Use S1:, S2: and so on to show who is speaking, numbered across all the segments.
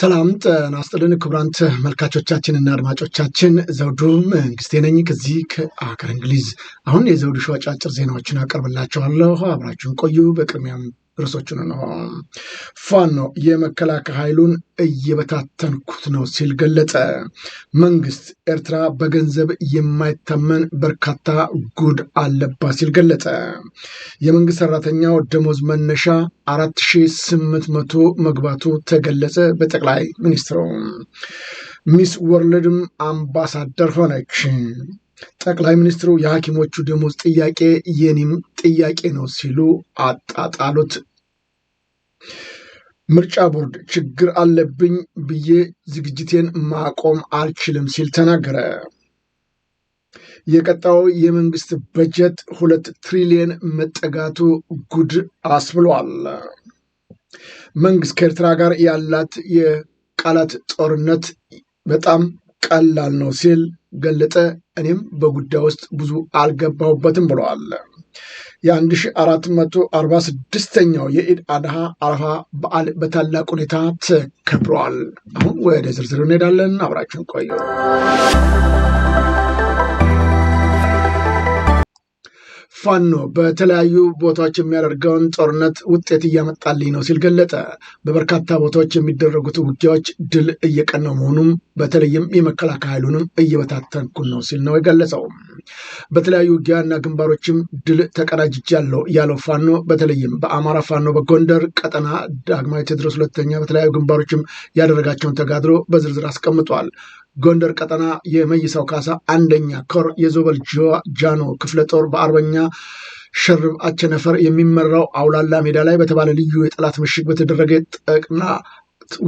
S1: ሰላም ጤና ይስጥልን ክቡራን ተመልካቾቻችንና አድማጮቻችን ዘውዱ መንግስቴ ነኝ ከዚህ ከአገር እንግሊዝ። አሁን የዘውዱ ሾው አጫጭር ዜናዎችን አቀርብላችኋለሁ፣ አብራችሁን ቆዩ። በቅድሚያም ርዕሶቹን ነው። ፋኖ የመከላከያ ኃይሉን እየበታተንኩት ነው ሲል ገለጸ። መንግስት ኤርትራ በገንዘብ የማይታመን በርካታ ጉድ አለባት ሲል ገለጸ። የመንግስት ሰራተኛው ደሞዝ መነሻ 4800 መቶ መግባቱ ተገለጸ በጠቅላይ ሚኒስትሩ። ሚስ ወርልድም አምባሳደር ሆነች። ጠቅላይ ሚኒስትሩ የሐኪሞቹ ደሞዝ ጥያቄ የኔም ጥያቄ ነው ሲሉ አጣጣሉት። ምርጫ ቦርድ ችግር አለብኝ ብዬ ዝግጅቴን ማቆም አልችልም ሲል ተናገረ። የቀጣው የመንግስት በጀት ሁለት ትሪሊየን መጠጋቱ ጉድ አስብሏል። መንግስት ከኤርትራ ጋር ያላት የቃላት ጦርነት በጣም ቀላል ነው ሲል ገለጸ እኔም በጉዳይ ውስጥ ብዙ አልገባሁበትም ብለዋል። የ1446ኛው የኢድ አድሃ አረፋ በዓል በታላቅ ሁኔታ ተከብረዋል። አሁን ወደ ዝርዝር እንሄዳለን። አብራችን ቆዩ። ፋኖ በተለያዩ ቦታዎች የሚያደርገውን ጦርነት ውጤት እያመጣልኝ ነው ሲል ገለጠ። በበርካታ ቦታዎች የሚደረጉት ውጊያዎች ድል እየቀነው መሆኑም በተለይም የመከላከያ ኃይሉንም እየበታተንኩን ነው ሲል ነው የገለጸው። በተለያዩ ውጊያና ግንባሮችም ድል ተቀዳጅቻለሁ ያለው ፋኖ በተለይም በአማራ ፋኖ በጎንደር ቀጠና ዳግማዊ ቴዎድሮስ ሁለተኛ በተለያዩ ግንባሮችም ያደረጋቸውን ተጋድሎ በዝርዝር አስቀምጧል። ጎንደር ቀጠና የመይሳው ካሳ አንደኛ ኮር የዞበል ጃኖ ክፍለ ጦር በአርበኛ ሸርብ አቸነፈር የሚመራው አውላላ ሜዳ ላይ በተባለ ልዩ የጠላት ምሽግ በተደረገ ጠቅና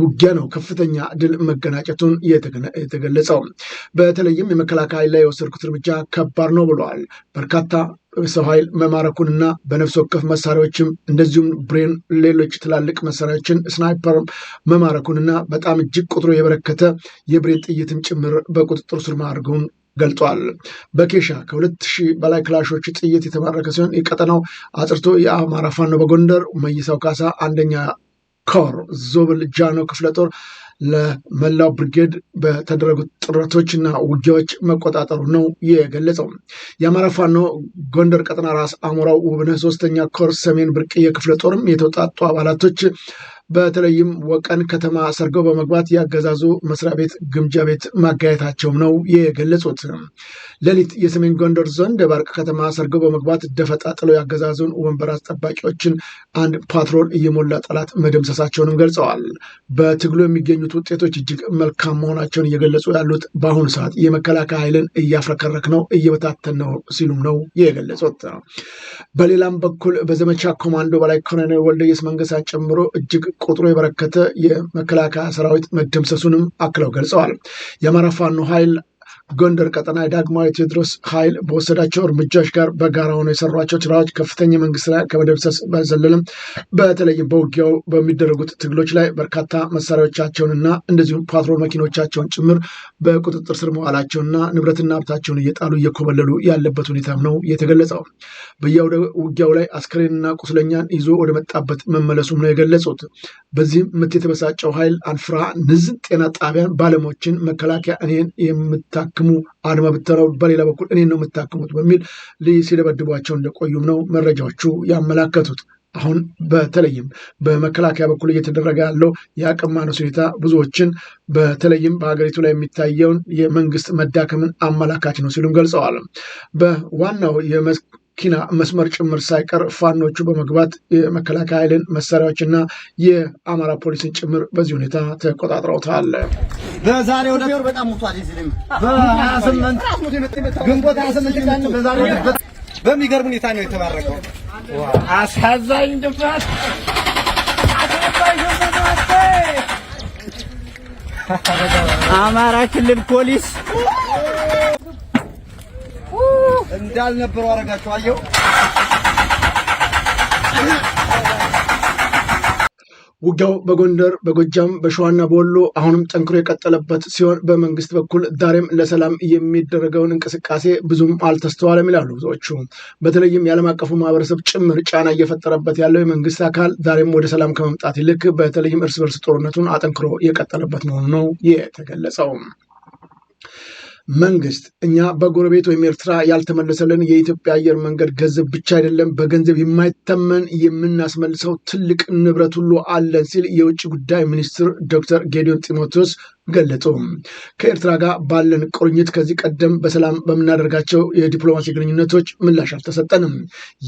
S1: ውጊያ ነው ከፍተኛ ድል መገናጨቱን የተገለጸው። በተለይም የመከላከያ ኃይል ላይ የወሰድኩት እርምጃ ከባድ ነው ብለዋል። በርካታ ሰው ኃይል መማረኩንና በነፍስ ወከፍ መሳሪያዎችም እንደዚሁም ብሬን፣ ሌሎች ትላልቅ መሳሪያዎችን ስናይፐር መማረኩንና በጣም እጅግ ቁጥሩ የበረከተ የብሬን ጥይትም ጭምር በቁጥጥር ስር ማድረጉን ገልጧል። በኬሻ ከሁለት ሺህ በላይ ክላሾች ጥይት የተማረከ ሲሆን የቀጠናው አጽርቶ የአማራ ፋኖ በጎንደር መይሳው ካሳ አንደኛ ኮር ዞብል ጃኖ ክፍለ ጦር ለመላው ብርጌድ በተደረጉት ጥረቶችና ውጊያዎች መቆጣጠሩ ነው የገለጸው። የአማራ ፋኖ ጎንደር ቀጠና ራስ አሞራው ውብነህ ሶስተኛ ኮር ሰሜን ብርቅዬ ክፍለ ጦርም የተውጣጡ አባላቶች በተለይም ወቀን ከተማ ሰርገው በመግባት ያገዛዙ መስሪያ ቤት ግምጃ ቤት ማጋየታቸውም ነው የገለጹት። ሌሊት የሰሜን ጎንደር ዞን ደባርቅ ከተማ ሰርገው በመግባት ደፈጣ ጥለው ያገዛዙን ወንበር አስጠባቂዎችን አንድ ፓትሮል እየሞላ ጠላት መደምሰሳቸውንም ገልጸዋል። በትግሉ የሚገኙት ውጤቶች እጅግ መልካም መሆናቸውን እየገለጹ ያሉት በአሁኑ ሰዓት የመከላከያ ኃይልን እያፍረከረክ ነው፣ እየበታተን ነው ሲሉም ነው የገለጹት። በሌላም በኩል በዘመቻ ኮማንዶ በላይ ኮሎኔል ወልደየስ መንገሳን ጨምሮ እጅግ ቁጥሩ የበረከተ የመከላከያ ሰራዊት መደምሰሱንም አክለው ገልጸዋል። የአማራ ፋኖ ኃይል ጎንደር ቀጠና የዳግማዊ ቴዎድሮስ ኃይል በወሰዳቸው እርምጃዎች ጋር በጋራ ሆነው የሰሯቸው ስራዎች ከፍተኛ መንግስት ላይ ከመደብሰስ በዘለለም በተለይም በውጊያው በሚደረጉት ትግሎች ላይ በርካታ መሳሪያዎቻቸውንና እንደዚሁም ፓትሮል መኪኖቻቸውን ጭምር በቁጥጥር ስር መዋላቸውና ንብረትና ሀብታቸውን እየጣሉ እየኮበለሉ ያለበት ሁኔታም ነው የተገለጸው። በየአውደ ውጊያው ላይ አስክሬንና ቁስለኛን ይዞ ወደ መጣበት መመለሱም ነው የገለጹት። በዚህም ምት የተበሳጨው ኃይል አንፍራ ንዝ ጤና ጣቢያን ባለሞችን መከላከያ እኔን የምታክ አትታክሙ አድማ ብተናው በሌላ በኩል እኔ ነው የምታክሙት በሚል ሲደበድቧቸው እንደቆዩም ነው መረጃዎቹ ያመላከቱት። አሁን በተለይም በመከላከያ በኩል እየተደረገ ያለው የአቅም ማነስ ሁኔታ ብዙዎችን በተለይም በሀገሪቱ ላይ የሚታየውን የመንግስት መዳከምን አመላካች ነው ሲሉም ገልጸዋል። በዋናው ኪና መስመር ጭምር ሳይቀር ፋኖቹ በመግባት የመከላከያ ኃይልን መሳሪያዎችና የአማራ ፖሊስን ጭምር በዚህ ሁኔታ ተቆጣጥረውታል።
S2: በዛሬው በጣም ግንቦት በሚገርም ሁኔታ ነው የተባረከው። አሳዛኝ ድፍረት አማራ ክልል ፖሊስ እንዳልነበረው አደረጋቸው። አየው
S1: ውጊያው በጎንደር በጎጃም በሸዋና በወሎ አሁንም ጠንክሮ የቀጠለበት ሲሆን በመንግስት በኩል ዛሬም ለሰላም የሚደረገውን እንቅስቃሴ ብዙም አልተስተዋለም ይላሉ ብዙዎቹ። በተለይም የዓለም አቀፉ ማህበረሰብ ጭምር ጫና እየፈጠረበት ያለው የመንግስት አካል ዛሬም ወደ ሰላም ከመምጣት ይልቅ በተለይም እርስ በርስ ጦርነቱን አጠንክሮ የቀጠለበት መሆኑ ነው የተገለጸው። መንግስት እኛ በጎረቤት ወይም ኤርትራ ያልተመለሰልን የኢትዮጵያ አየር መንገድ ገንዘብ ብቻ አይደለም፣ በገንዘብ የማይተመን የምናስመልሰው ትልቅ ንብረት ሁሉ አለን ሲል የውጭ ጉዳይ ሚኒስትር ዶክተር ጌዲዮን ጢሞቴዎስ ገለጹ። ከኤርትራ ጋር ባለን ቁርኝት ከዚህ ቀደም በሰላም በምናደርጋቸው የዲፕሎማሲ ግንኙነቶች ምላሽ አልተሰጠንም።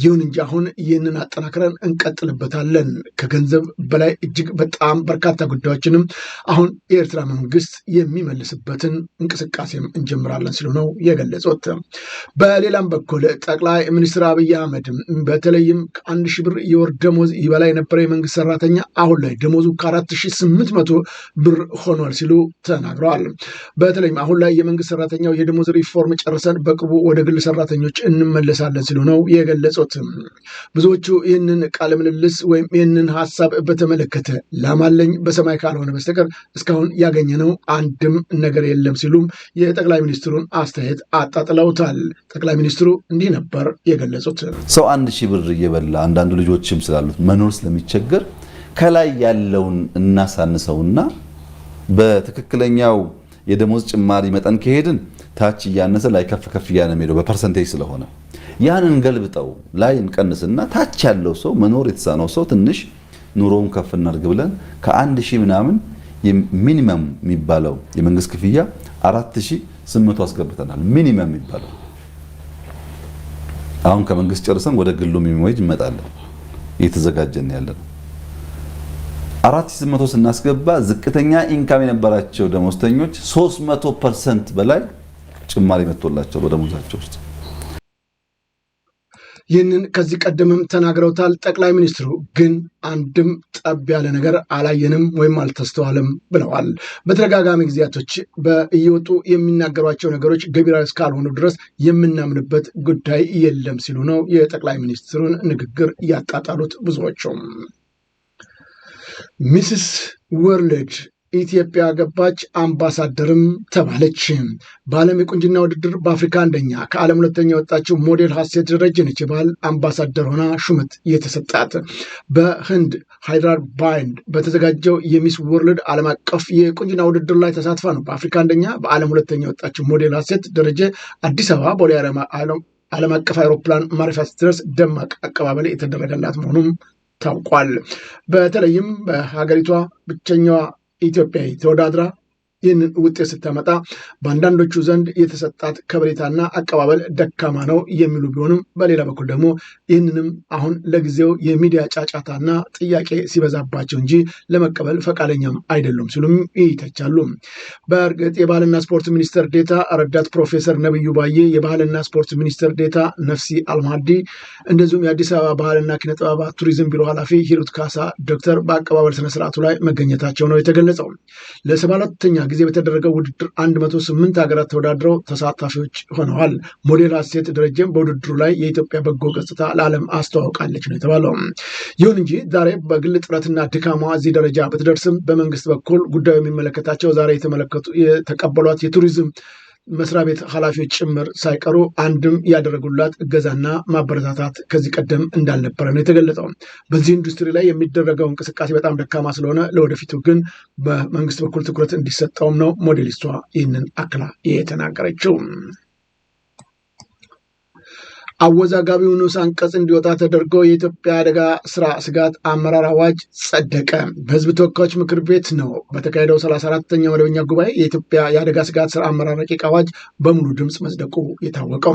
S1: ይሁን እንጂ አሁን ይህንን አጠናክረን እንቀጥልበታለን። ከገንዘብ በላይ እጅግ በጣም በርካታ ጉዳዮችንም አሁን የኤርትራ መንግስት የሚመልስበትን እንቅስቃሴም እንጀምራለን ሲሉ ነው የገለጹት። በሌላም በኩል ጠቅላይ ሚኒስትር አብይ አህመድ በተለይም ከአንድ ሺህ ብር የወር ደሞዝ ይበላ የነበረ የመንግስት ሰራተኛ አሁን ላይ ደሞዙ ከአራት ሺህ ስምንት መቶ ብር ሆኗል ሲሉ ተናግረዋል። በተለይም አሁን ላይ የመንግስት ሰራተኛው የደሞዝ ሪፎርም ጨርሰን በቅርቡ ወደ ግል ሰራተኞች እንመለሳለን ሲሉ ነው የገለጹት። ብዙዎቹ ይህንን ቃለ ምልልስ ወይም ይህንን ሀሳብ በተመለከተ ላማለኝ በሰማይ ካልሆነ በስተቀር እስካሁን ያገኘነው አንድም ነገር የለም ሲሉም የጠቅላይ ሚኒስትሩን አስተያየት አጣጥለውታል። ጠቅላይ ሚኒስትሩ እንዲህ ነበር የገለጹት።
S3: ሰው አንድ ሺህ ብር እየበላ አንዳንዱ ልጆችም ስላሉት መኖር ስለሚቸገር ከላይ ያለውን እናሳንሰውና በትክክለኛው የደሞዝ ጭማሪ መጠን ከሄድን ታች እያነሰ ላይ ከፍ ከፍ እያለ ሄደው በፐርሰንቴጅ ስለሆነ ያንን ገልብጠው ላይ እንቀንስና ታች ያለው ሰው መኖር የተሳነው ሰው ትንሽ ኑሮውን ከፍ እናድርግ ብለን ከአንድ ሺህ ምናምን ሚኒመም የሚባለው የመንግስት ክፍያ አራት ሺህ ስምንት አስገብተናል። ሚኒመም የሚባለው አሁን ከመንግስት ጨርሰን ወደ ግሉ ሚኒመም ወይጅ እንመጣለን። እየተዘጋጀን ያለነው 4800 ስናስገባ ዝቅተኛ ኢንካም የነበራቸው ደሞዝተኞች 300 ፐርሰንት በላይ ጭማሪ መጥቶላቸው በደሞዛቸው ውስጥ
S1: ይህንን ከዚህ ቀደምም ተናግረውታል ጠቅላይ ሚኒስትሩ። ግን አንድም ጠብ ያለ ነገር አላየንም ወይም አልተስተዋለም ብለዋል። በተደጋጋሚ ጊዜያቶች እየወጡ የሚናገሯቸው ነገሮች ገቢራዊ እስካልሆኑ ድረስ የምናምንበት ጉዳይ የለም ሲሉ ነው የጠቅላይ ሚኒስትሩን ንግግር ያጣጣሉት ብዙዎቹም ሚስስ ወርልድ ኢትዮጵያ ገባች፣ አምባሳደርም ተባለች። በዓለም የቁንጅና ውድድር በአፍሪካ አንደኛ፣ ከዓለም ሁለተኛ የወጣችው ሞዴል ሀሴት ደረጀ ነች የባህል አምባሳደር ሆና ሹመት የተሰጣት። በህንድ ሃይድራር ባይንድ በተዘጋጀው የሚስ ወርልድ ዓለም አቀፍ የቁንጅና ውድድር ላይ ተሳትፋ ነው በአፍሪካ አንደኛ፣ በዓለም ሁለተኛ የወጣችው ሞዴል ሀሴት ደረጀ አዲስ አበባ ቦሌ ዓለም አቀፍ አውሮፕላን ማረፊያ ስትደርስ ደማቅ አቀባበል የተደረገላት መሆኑም ታውቋል። በተለይም በሀገሪቷ ብቸኛዋ ኢትዮጵያዊ ተወዳድራ ይህንን ውጤት ስታመጣ በአንዳንዶቹ ዘንድ የተሰጣት ከበሬታና አቀባበል ደካማ ነው የሚሉ ቢሆንም በሌላ በኩል ደግሞ ይህንንም አሁን ለጊዜው የሚዲያ ጫጫታና ጥያቄ ሲበዛባቸው እንጂ ለመቀበል ፈቃደኛም አይደሉም ሲሉም ይተቻሉ። በእርግጥ የባህልና ስፖርት ሚኒስትር ዴታ ረዳት ፕሮፌሰር ነብዩ ባዬ፣ የባህልና ስፖርት ሚኒስትር ዴታ ነፍሲ አልማዲ፣ እንደዚሁም የአዲስ አበባ ባህልና ኪነጥበባት ቱሪዝም ቢሮ ኃላፊ ሂሩት ካሳ ዶክተር በአቀባበል ስነስርዓቱ ላይ መገኘታቸው ነው የተገለጸው ለሰባ ሁለተኛ ጊዜ በተደረገው ውድድር 108 ሀገራት ተወዳድረው ተሳታፊዎች ሆነዋል። ሞዴል ሀሴት ደረጀም በውድድሩ ላይ የኢትዮጵያ በጎ ገጽታ ለዓለም አስተዋውቃለች ነው የተባለው። ይሁን እንጂ ዛሬ በግል ጥረትና ድካሟ እዚህ ደረጃ ብትደርስም በመንግስት በኩል ጉዳዩ የሚመለከታቸው ዛሬ የተመለከቱ የተቀበሏት የቱሪዝም መስሪያ ቤት ኃላፊዎች ጭምር ሳይቀሩ አንድም ያደረጉላት እገዛና ማበረታታት ከዚህ ቀደም እንዳልነበረ ነው የተገለጸው። በዚህ ኢንዱስትሪ ላይ የሚደረገው እንቅስቃሴ በጣም ደካማ ስለሆነ ለወደፊቱ ግን በመንግስት በኩል ትኩረት እንዲሰጠውም ነው ሞዴሊስቷ ይህንን አክላ የተናገረችው። አወዛጋቢው ንዑስ አንቀጽ እንዲወጣ ተደርጎ የኢትዮጵያ አደጋ ስራ ስጋት አመራር አዋጅ ጸደቀ። በህዝብ ተወካዮች ምክር ቤት ነው በተካሄደው 34ተኛ መደበኛ ጉባኤ የኢትዮጵያ የአደጋ ስጋት ስራ አመራር ረቂቅ አዋጅ በሙሉ ድምፅ መጽደቁ የታወቀው።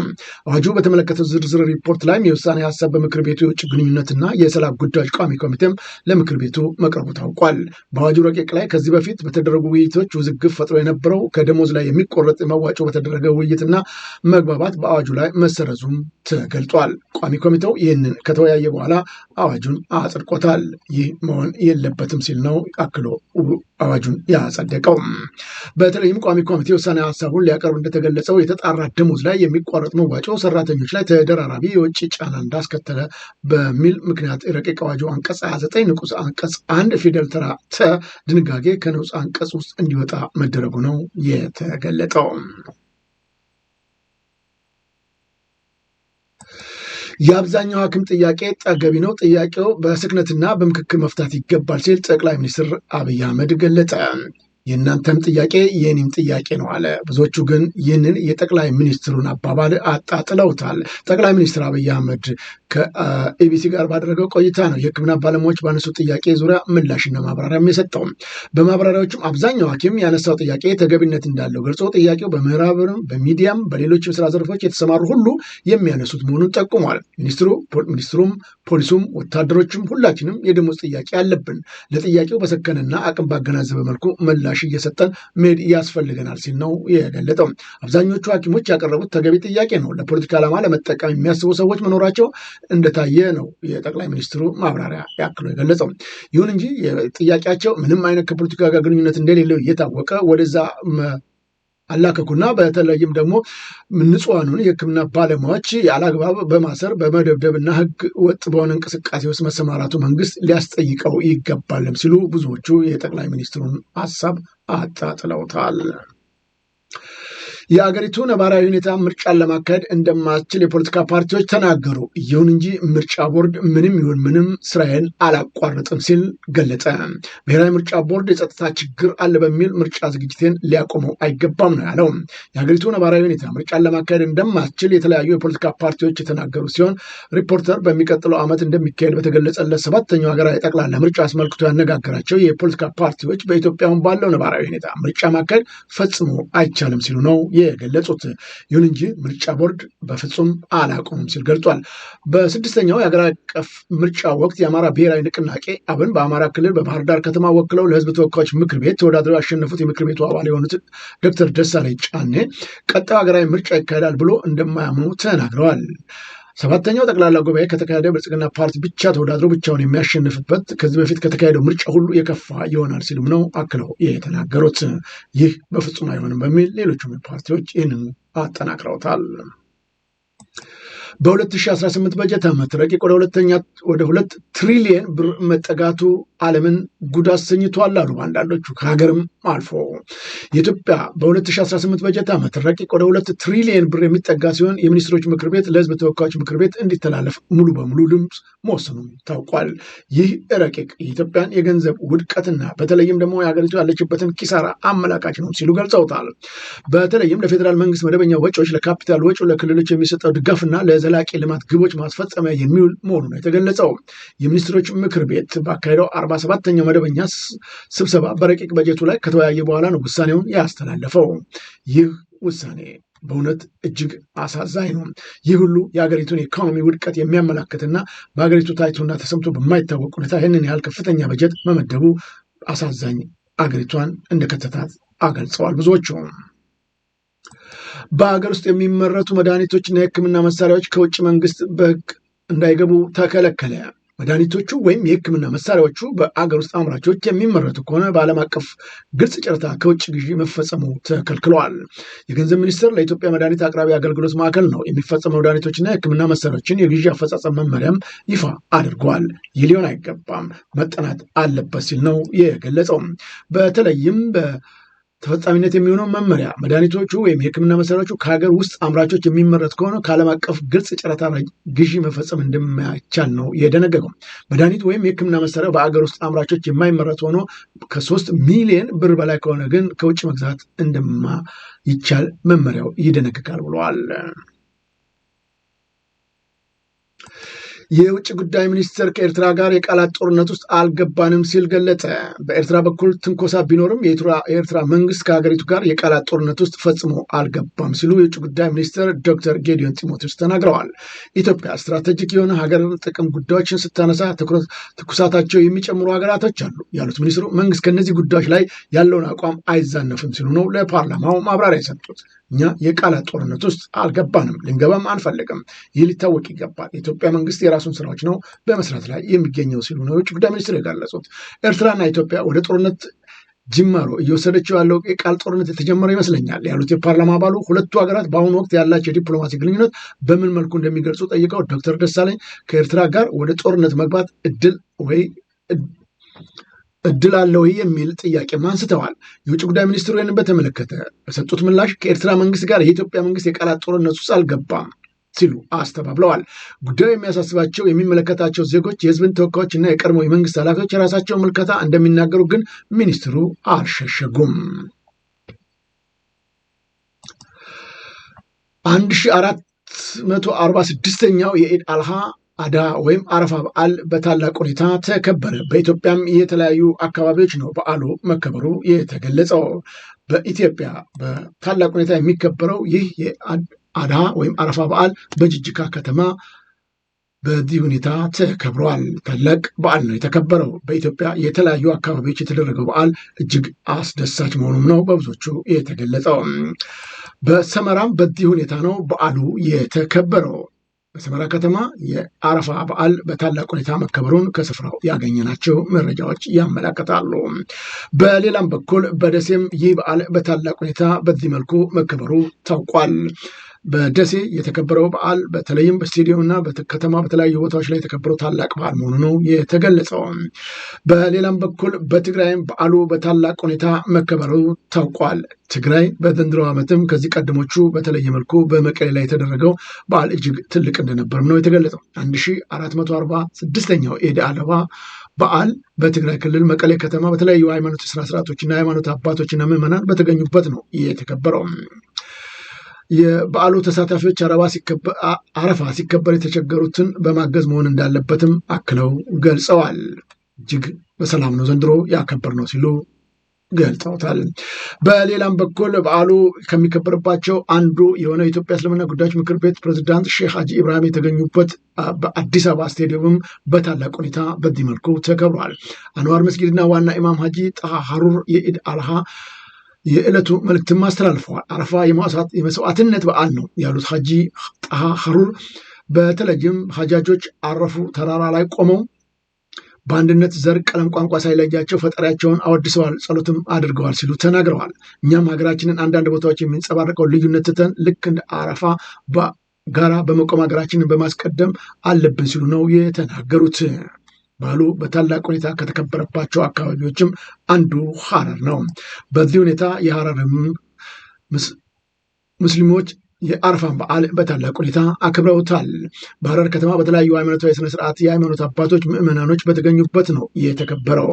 S1: አዋጁ በተመለከተው ዝርዝር ሪፖርት ላይም የውሳኔ ሀሳብ በምክር ቤቱ የውጭ ግንኙነትና የሰላም ጉዳዮች ቋሚ ኮሚቴም ለምክር ቤቱ መቅረቡ ታውቋል። በአዋጁ ረቂቅ ላይ ከዚህ በፊት በተደረጉ ውይይቶች ውዝግብ ፈጥሮ የነበረው ከደሞዝ ላይ የሚቆረጥ መዋጮ በተደረገ ውይይትና መግባባት በአዋጁ ላይ መሰረዙም ተገልጧል። ቋሚ ኮሚቴው ይህንን ከተወያየ በኋላ አዋጁን አጽድቆታል። ይህ መሆን የለበትም ሲል ነው አክሎ አዋጁን ያጸደቀው። በተለይም ቋሚ ኮሚቴ ውሳኔ ሀሳቡን ሊያቀርብ እንደተገለጸው የተጣራ ደሞዝ ላይ የሚቋረጥ መዋጮ ሰራተኞች ላይ ተደራራቢ የውጭ ጫና እንዳስከተለ በሚል ምክንያት ረቂቅ አዋጁ አንቀጽ 29 ንዑስ አንቀጽ አንድ ፊደል ተራ ተ ድንጋጌ ከንዑስ አንቀጽ ውስጥ እንዲወጣ መደረጉ ነው የተገለጠው። የአብዛኛው ሐኪም ጥያቄ ጠገቢ ነው፣ ጥያቄው በስክነትና በምክክር መፍታት ይገባል ሲል ጠቅላይ ሚኒስትር አብይ አህመድ ገለጸ። የእናንተም ጥያቄ የኔም ጥያቄ ነው አለ። ብዙዎቹ ግን ይህንን የጠቅላይ ሚኒስትሩን አባባል አጣጥለውታል። ጠቅላይ ሚኒስትር አብይ አህመድ ከኢቢሲ ጋር ባደረገው ቆይታ ነው የሕክምና ባለሙያዎች ባነሱ ጥያቄ ዙሪያ ምላሽና ማብራሪያም የሰጠው። በማብራሪያዎቹም አብዛኛው ሐኪም ያነሳው ጥያቄ ተገቢነት እንዳለው ገልጾ ጥያቄው በምዕራብም በሚዲያም በሌሎች የስራ ዘርፎች የተሰማሩ ሁሉ የሚያነሱት መሆኑን ጠቁሟል። ሚኒስትሩ ሚኒስትሩም ፖሊሱም ወታደሮችም ሁላችንም የደሞዝ ጥያቄ አለብን። ለጥያቄው በሰከነና አቅም ባገናዘበ መልኩ ምላሽ ምላሽ እየሰጠን መሄድ ያስፈልገናል ሲል ነው የገለጠው። አብዛኞቹ ሐኪሞች ያቀረቡት ተገቢ ጥያቄ ነው። ለፖለቲካ ዓላማ ለመጠቀም የሚያስቡ ሰዎች መኖራቸው እንደታየ ነው የጠቅላይ ሚኒስትሩ ማብራሪያ ያክሎ የገለጸው። ይሁን እንጂ ጥያቄያቸው ምንም አይነት ከፖለቲካ ጋር ግንኙነት እንደሌለው እየታወቀ ወደዛ አላከኩና በተለይም ደግሞ ንጹሐኑን የህክምና ባለሙያዎች ያለአግባብ በማሰር በመደብደብና ህግ ወጥ በሆነ እንቅስቃሴ ውስጥ መሰማራቱ መንግስት ሊያስጠይቀው ይገባልም ሲሉ ብዙዎቹ የጠቅላይ ሚኒስትሩን ሀሳብ አጣጥለውታል። የአገሪቱ ነባራዊ ሁኔታ ምርጫን ለማካሄድ እንደማስችል የፖለቲካ ፓርቲዎች ተናገሩ። ይሁን እንጂ ምርጫ ቦርድ ምንም ይሁን ምንም ስራዬን አላቋርጥም ሲል ገለጸ። ብሔራዊ ምርጫ ቦርድ የጸጥታ ችግር አለ በሚል ምርጫ ዝግጅቴን ሊያቆመው አይገባም ነው ያለው። የሀገሪቱ ነባራዊ ሁኔታ ምርጫን ለማካሄድ እንደማስችል የተለያዩ የፖለቲካ ፓርቲዎች የተናገሩ ሲሆን ሪፖርተር በሚቀጥለው ዓመት እንደሚካሄድ በተገለጸለት ሰባተኛው ሀገራዊ ጠቅላላ ምርጫ አስመልክቶ ያነጋገራቸው የፖለቲካ ፓርቲዎች በኢትዮጵያ ባለው ነባራዊ ሁኔታ ምርጫ ማካሄድ ፈጽሞ አይቻልም ሲሉ ነው የገለጹት። ይሁን እንጂ ምርጫ ቦርድ በፍጹም አላቆምም ሲል ገልጿል። በስድስተኛው የሀገር አቀፍ ምርጫ ወቅት የአማራ ብሔራዊ ንቅናቄ አብን በአማራ ክልል በባህር ዳር ከተማ ወክለው ለህዝብ ተወካዮች ምክር ቤት ተወዳድረው ያሸነፉት የምክር ቤቱ አባል የሆኑት ዶክተር ደሳለኝ ጫኔ ቀጣዩ ሀገራዊ ምርጫ ይካሄዳል ብሎ እንደማያምኑ ተናግረዋል። ሰባተኛው ጠቅላላ ጉባኤ ከተካሄደ ብልጽግና ፓርቲ ብቻ ተወዳድሮ ብቻውን የሚያሸንፍበት ከዚህ በፊት ከተካሄደው ምርጫ ሁሉ የከፋ ይሆናል ሲሉም ነው አክለው የተናገሩት። ይህ በፍጹም አይሆንም በሚል ሌሎቹም ፓርቲዎች ይህንን አጠናክረውታል። በ2018 በጀት ዓመት ረቂቅ ወደ ሁለተኛ ወደ ሁለት ትሪሊየን ብር መጠጋቱ ዓለምን ጉድ አሰኝቷል አሉ አንዳንዶቹ። ከሀገርም አልፎ የኢትዮጵያ በ2018 በጀት ዓመት ረቂቅ ወደ ሁለት ትሪሊየን ብር የሚጠጋ ሲሆን የሚኒስትሮች ምክር ቤት ለህዝብ ተወካዮች ምክር ቤት እንዲተላለፍ ሙሉ በሙሉ ድምፅ መወሰኑም ታውቋል። ይህ ረቂቅ የኢትዮጵያን የገንዘብ ውድቀትና በተለይም ደግሞ የሀገሪቱ ያለችበትን ኪሳራ አመላካች ነው ሲሉ ገልጸውታል። በተለይም ለፌዴራል መንግስት መደበኛ ወጪዎች፣ ለካፒታል ወጪ፣ ለክልሎች የሚሰጠው ድጋፍና ለዘላቂ ልማት ግቦች ማስፈጸሚያ የሚውል መሆኑ ነው የተገለጸው። የሚኒስትሮች ምክር ቤት ባካሄደው አርባ ሰባተኛው መደበኛ ስብሰባ በረቂቅ በጀቱ ላይ ከተወያየ በኋላ ነው ውሳኔውን ያስተላለፈው። ይህ ውሳኔ በእውነት እጅግ አሳዛኝ ነው። ይህ ሁሉ የሀገሪቱን ኢኮኖሚ ውድቀት የሚያመላክትና በሀገሪቱ ታይቶና ተሰምቶ በማይታወቅ ሁኔታ ይህንን ያህል ከፍተኛ በጀት መመደቡ አሳዛኝ አገሪቷን እንደከተታት አገልጸዋል ብዙዎቹ በሀገር ውስጥ የሚመረቱ መድኃኒቶችና የህክምና መሳሪያዎች ከውጭ መንግስት በህግ እንዳይገቡ ተከለከለ። መድኃኒቶቹ ወይም የህክምና መሳሪያዎቹ በአገር ውስጥ አምራቾች የሚመረቱ ከሆነ በዓለም አቀፍ ግልጽ ጨረታ ከውጭ ግዢ መፈጸሙ ተከልክለዋል። የገንዘብ ሚኒስቴር ለኢትዮጵያ መድኃኒት አቅራቢ አገልግሎት ማዕከል ነው የሚፈጸሙ መድኃኒቶችና የህክምና መሳሪያዎችን የግዢ አፈጻጸም መመሪያም ይፋ አድርጓል። ይህ ሊሆን አይገባም፣ መጠናት አለበት ሲል ነው የገለጸው። በተለይም በ ተፈጻሚነት የሚሆነው መመሪያ መድኃኒቶቹ ወይም የህክምና መሳሪያዎቹ ከሀገር ውስጥ አምራቾች የሚመረት ከሆነ ከዓለም አቀፍ ግልጽ ጨረታ ግዢ መፈጸም እንደማይቻል ነው የደነገገው። መድኃኒት ወይም የህክምና መሳሪያ በአገር ውስጥ አምራቾች የማይመረት ሆኖ ከሶስት ሚሊዮን ብር በላይ ከሆነ ግን ከውጭ መግዛት እንደማይቻል መመሪያው ይደነግጋል ብለዋል። የውጭ ጉዳይ ሚኒስትር ከኤርትራ ጋር የቃላት ጦርነት ውስጥ አልገባንም ሲል ገለጸ። በኤርትራ በኩል ትንኮሳ ቢኖርም የኤርትራ መንግስት ከሀገሪቱ ጋር የቃላት ጦርነት ውስጥ ፈጽሞ አልገባም ሲሉ የውጭ ጉዳይ ሚኒስትር ዶክተር ጌዲዮን ጢሞቴዎስ ተናግረዋል። ኢትዮጵያ ስትራቴጂክ የሆነ ሀገር ጥቅም ጉዳዮችን ስታነሳ ትኩሳታቸው የሚጨምሩ ሀገራቶች አሉ ያሉት ሚኒስትሩ መንግስት ከእነዚህ ጉዳዮች ላይ ያለውን አቋም አይዛነፍም ሲሉ ነው ለፓርላማው ማብራሪያ የሰጡት። እኛ የቃላት ጦርነት ውስጥ አልገባንም፣ ልንገባም አንፈልግም። ይህ ሊታወቅ ይገባል። የኢትዮጵያ መንግስት የራሱን ስራዎች ነው በመስራት ላይ የሚገኘው ሲሉ ነው የውጭ ጉዳይ ሚኒስትር የገለጹት። ኤርትራና ኢትዮጵያ ወደ ጦርነት ጅማሮ እየወሰደችው ያለው የቃል ጦርነት የተጀመረው ይመስለኛል ያሉት የፓርላማ አባሉ ሁለቱ ሀገራት በአሁኑ ወቅት ያላቸው የዲፕሎማሲ ግንኙነት በምን መልኩ እንደሚገልጹ ጠይቀው ዶክተር ደሳለኝ ከኤርትራ ጋር ወደ ጦርነት መግባት እድል ወይ እድል አለ ወይ የሚል ጥያቄም አንስተዋል። የውጭ ጉዳይ ሚኒስትሩ ይህን በተመለከተ በሰጡት ምላሽ ከኤርትራ መንግስት ጋር የኢትዮጵያ መንግስት የቃላት ጦርነት ውስጥ አልገባም ሲሉ አስተባብለዋል። ጉዳዩ የሚያሳስባቸው የሚመለከታቸው ዜጎች፣ የህዝብን ተወካዮች እና የቀድሞ የመንግስት ኃላፊዎች የራሳቸውን ምልከታ እንደሚናገሩ ግን ሚኒስትሩ አልሸሸጉም። አንድ ሺ አራት መቶ አርባ ስድስተኛው የኢድ አልሃ አድሃ ወይም አረፋ በዓል በታላቅ ሁኔታ ተከበረ። በኢትዮጵያም የተለያዩ አካባቢዎች ነው በዓሉ መከበሩ የተገለጸው። በኢትዮጵያ በታላቅ ሁኔታ የሚከበረው ይህ የአዳ ወይም አረፋ በዓል በጅጅካ ከተማ በዚህ ሁኔታ ተከብረዋል። ታላቅ በዓል ነው የተከበረው። በኢትዮጵያ የተለያዩ አካባቢዎች የተደረገው በዓል እጅግ አስደሳች መሆኑም ነው በብዙዎቹ የተገለጸው። በሰመራም በዚህ ሁኔታ ነው በዓሉ የተከበረው። በሰመራ ከተማ የአረፋ በዓል በታላቅ ሁኔታ መከበሩን ከስፍራው ያገኘናቸው መረጃዎች ያመላከታሉ። በሌላም በኩል በደሴም ይህ በዓል በታላቅ ሁኔታ በዚህ መልኩ መከበሩ ታውቋል። በደሴ የተከበረው በዓል በተለይም በስቴዲየም እና ከተማ በተለያዩ ቦታዎች ላይ የተከበረው ታላቅ በዓል መሆኑ ነው የተገለጸው። በሌላም በኩል በትግራይም በዓሉ በታላቅ ሁኔታ መከበሩ ታውቋል። ትግራይ በዘንድሮ ዓመትም ከዚህ ቀደሞቹ በተለየ መልኩ በመቀሌ ላይ የተደረገው በዓል እጅግ ትልቅ እንደነበርም ነው የተገለጸው። 1446ኛው ኤድ አለባ በዓል በትግራይ ክልል መቀሌ ከተማ በተለያዩ ሃይማኖት ስነስርዓቶችና ሃይማኖት አባቶችና ምዕመናን በተገኙበት ነው የተከበረው። የበዓሉ ተሳታፊዎች አረፋ ሲከበር የተቸገሩትን በማገዝ መሆን እንዳለበትም አክለው ገልጸዋል። እጅግ በሰላም ነው ዘንድሮ ያከበር ነው ሲሉ ገልጠውታል በሌላም በኩል በዓሉ ከሚከበርባቸው አንዱ የሆነ የኢትዮጵያ እስልምና ጉዳዮች ምክር ቤት ፕሬዚዳንት ሼክ ሀጂ ኢብራሂም የተገኙበት በአዲስ አበባ ስቴዲየምም በታላቅ ሁኔታ በዚህ መልኩ ተከብሯል። አንዋር መስጊድና ዋና ኢማም ሀጂ ጣሃ ሀሩር የኢድ አልሃ የዕለቱ መልእክትም አስተላልፈዋል። አረፋ የመስዋዕትነት በዓል ነው ያሉት ሀጂ ጣሃ ሀሩር በተለይም ሀጃጆች አረፉ ተራራ ላይ ቆመው በአንድነት ዘር፣ ቀለም፣ ቋንቋ ሳይለያቸው ፈጣሪያቸውን አወድሰዋል፣ ጸሎትም አድርገዋል ሲሉ ተናግረዋል። እኛም ሀገራችንን አንዳንድ ቦታዎች የሚንጸባረቀው ልዩነት ትተን ልክ እንደ አረፋ ጋራ በመቆም ሀገራችንን በማስቀደም አለብን ሲሉ ነው የተናገሩት። ባህሉ በታላቅ ሁኔታ ከተከበረባቸው አካባቢዎችም አንዱ ሀረር ነው። በዚህ ሁኔታ የሀረርም ሙስሊሞች የአረፋን በዓል በታላቅ ሁኔታ አክብረውታል። በሀረር ከተማ በተለያዩ ሃይማኖታዊ ስነስርዓት የሃይማኖት አባቶች፣ ምዕመናኖች በተገኙበት ነው የተከበረው።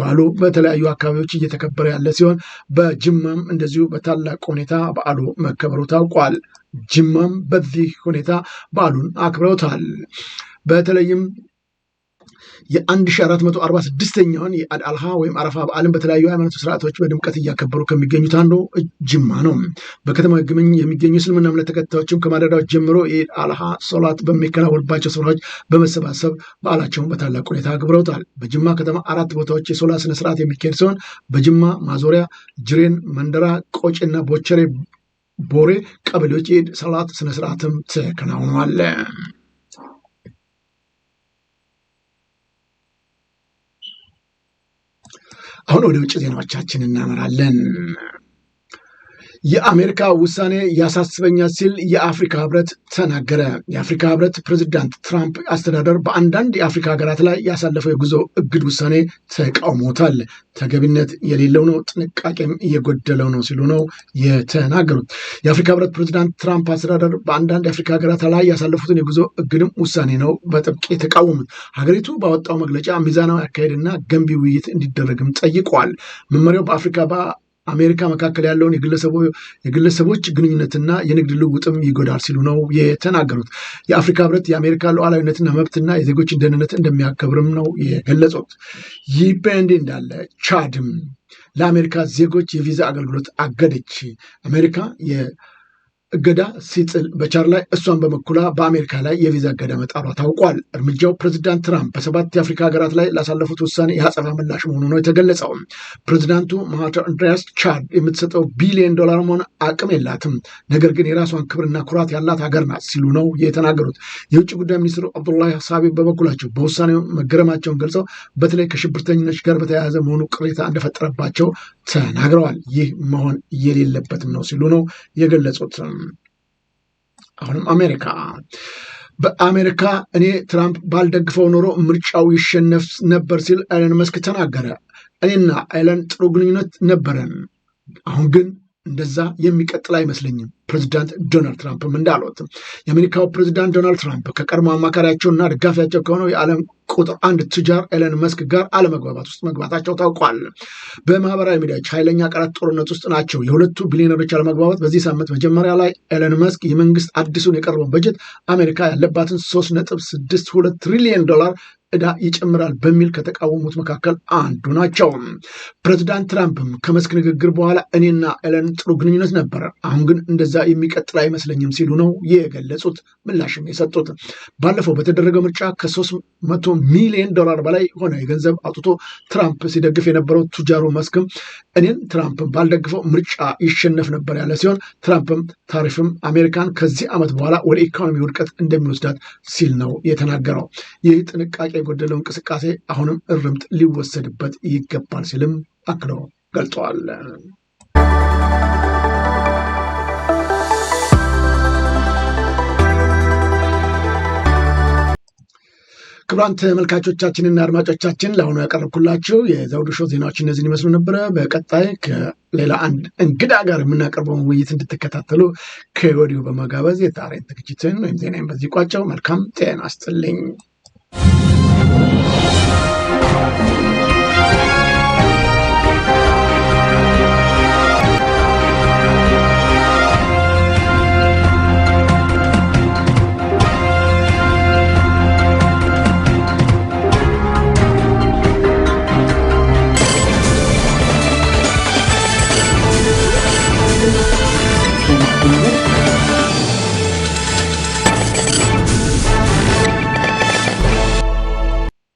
S1: በዓሉ በተለያዩ አካባቢዎች እየተከበረ ያለ ሲሆን በጅማም እንደዚሁ በታላቅ ሁኔታ በዓሉ መከበሩ ታውቋል። ጅማም በዚህ ሁኔታ በዓሉን አክብረውታል። በተለይም የ1446ኛውን የአድአልሃ ወይም አረፋ በዓልን በተለያዩ ሃይማኖት ስርዓቶች በድምቀት እያከበሩ ከሚገኙት አንዱ ጅማ ነው። በከተማ ግምኝ የሚገኙ እስልምና እምነት ተከታዮችም ከማደዳዎች ጀምሮ የአልሃ ሶላት በሚከናወንባቸው ስፍራዎች በመሰባሰብ በዓላቸውን በታላቅ ሁኔታ አክብረውታል። በጅማ ከተማ አራት ቦታዎች የሶላት ስነስርዓት የሚካሄድ ሲሆን በጅማ ማዞሪያ፣ ጅሬን፣ መንደራ፣ ቆጭና ቦቸሬ ቦሬ ቀበሌዎች የኢድ ሰላት ስነስርዓትም ተከናውኗል። አሁን ወደ ውጭ ዜናዎቻችን እናመራለን። የአሜሪካ ውሳኔ ያሳስበኛል ሲል የአፍሪካ ህብረት ተናገረ። የአፍሪካ ህብረት ፕሬዚዳንት ትራምፕ አስተዳደር በአንዳንድ የአፍሪካ ሀገራት ላይ ያሳለፈው የጉዞ እግድ ውሳኔ ተቃውሞታል። ተገቢነት የሌለው ነው፣ ጥንቃቄም እየጎደለው ነው ሲሉ ነው የተናገሩት። የአፍሪካ ህብረት ፕሬዚዳንት ትራምፕ አስተዳደር በአንዳንድ የአፍሪካ ሀገራት ላይ ያሳለፉትን የጉዞ እግድም ውሳኔ ነው በጥብቅ የተቃወሙት። ሀገሪቱ ባወጣው መግለጫ ሚዛናዊ አካሄድና ገንቢ ውይይት እንዲደረግም ጠይቀዋል። መመሪያው በአፍሪካ አሜሪካ መካከል ያለውን የግለሰቦች ግንኙነትና የንግድ ልውውጥም ይጎዳል ሲሉ ነው የተናገሩት። የአፍሪካ ህብረት የአሜሪካ ሉዓላዊነትና መብትና የዜጎችን ደህንነት እንደሚያከብርም ነው የገለጹት። ይህ በእንዲህ እንዳለ ቻድም ለአሜሪካ ዜጎች የቪዛ አገልግሎት አገደች። አሜሪካ እገዳ ሲጥል በቻር ላይ እሷን በመኩላ በአሜሪካ ላይ የቪዛ እገዳ መጣሏ ታውቋል። እርምጃው ፕሬዚዳንት ትራምፕ በሰባት የአፍሪካ ሀገራት ላይ ላሳለፉት ውሳኔ የአጸፋ ምላሽ መሆኑ ነው የተገለጸው። ፕሬዚዳንቱ ማህተር አንድሪያስ ቻድ የምትሰጠው ቢሊዮን ዶላር መሆን አቅም የላትም፣ ነገር ግን የራሷን ክብርና ኩራት ያላት ሀገር ናት ሲሉ ነው የተናገሩት። የውጭ ጉዳይ ሚኒስትሩ አብዱላሂ ሳቢ በበኩላቸው በውሳኔው መገረማቸውን ገልጸው በተለይ ከሽብርተኝነች ጋር በተያያዘ መሆኑ ቅሬታ እንደፈጠረባቸው ተናግረዋል። ይህ መሆን የሌለበትም ነው ሲሉ ነው የገለጹት። አሁንም አሜሪካ በአሜሪካ እኔ ትራምፕ ባልደግፈው ኖሮ ምርጫው ይሸነፍ ነበር ሲል ኤለን መስክ ተናገረ። እኔና ኤለን ጥሩ ግንኙነት ነበረን። አሁን ግን እንደዛ የሚቀጥል አይመስለኝም ፕሬዚዳንት ዶናልድ ትራምፕም እንዳሉት የአሜሪካው ፕሬዚዳንት ዶናልድ ትራምፕ ከቀድሞ አማካሪያቸውና ደጋፊያቸው ከሆነው የዓለም ቁጥር አንድ ቱጃር ኤለን መስክ ጋር አለመግባባት ውስጥ መግባታቸው ታውቋል። በማህበራዊ ሚዲያዎች ኃይለኛ ቃላት ጦርነት ውስጥ ናቸው። የሁለቱ ቢሊዮነሮች አለመግባባት በዚህ ሳምንት መጀመሪያ ላይ ኤለን መስክ የመንግስት አዲሱን የቀረበውን በጀት አሜሪካ ያለባትን ሶስት ነጥብ ስድስት ሁለት ትሪሊየን ዶላር እዳ ይጨምራል በሚል ከተቃወሙት መካከል አንዱ ናቸው። ፕሬዚዳንት ትራምፕም ከመስክ ንግግር በኋላ እኔና ኤለን ጥሩ ግንኙነት ነበረ፣ አሁን ግን እንደዚ የሚቀጥል አይመስለኝም ሲሉ ነው የገለጹት። ምላሽም የሰጡት ባለፈው በተደረገው ምርጫ ከሶስት መቶ ሚሊዮን ዶላር በላይ ሆነ የገንዘብ አውጥቶ ትራምፕ ሲደግፍ የነበረው ቱጃሩ መስክም እኔን ትራምፕን ባልደግፈው ምርጫ ይሸነፍ ነበር ያለ ሲሆን ትራምፕም ታሪፍም አሜሪካን ከዚህ ዓመት በኋላ ወደ ኢኮኖሚ ውድቀት እንደሚወስዳት ሲል ነው የተናገረው። ይህ ጥንቃቄ የጎደለው እንቅስቃሴ አሁንም እርምት ሊወሰድበት ይገባል ሲልም አክለው ገልጠዋል። ክቡራን ተመልካቾቻችንና አድማጮቻችን ለአሁኑ ያቀረብኩላችሁ የዘውዱ ሾው ዜናዎች እነዚህን ይመስሉ ነበረ። በቀጣይ ከሌላ አንድ እንግዳ ጋር የምናቀርበውን ውይይት እንድትከታተሉ ከወዲሁ በመጋበዝ የዛሬን ዝግጅትን ወይም ዜናን በዚህ ቋጨው። መልካም ጤና አስጥልኝ።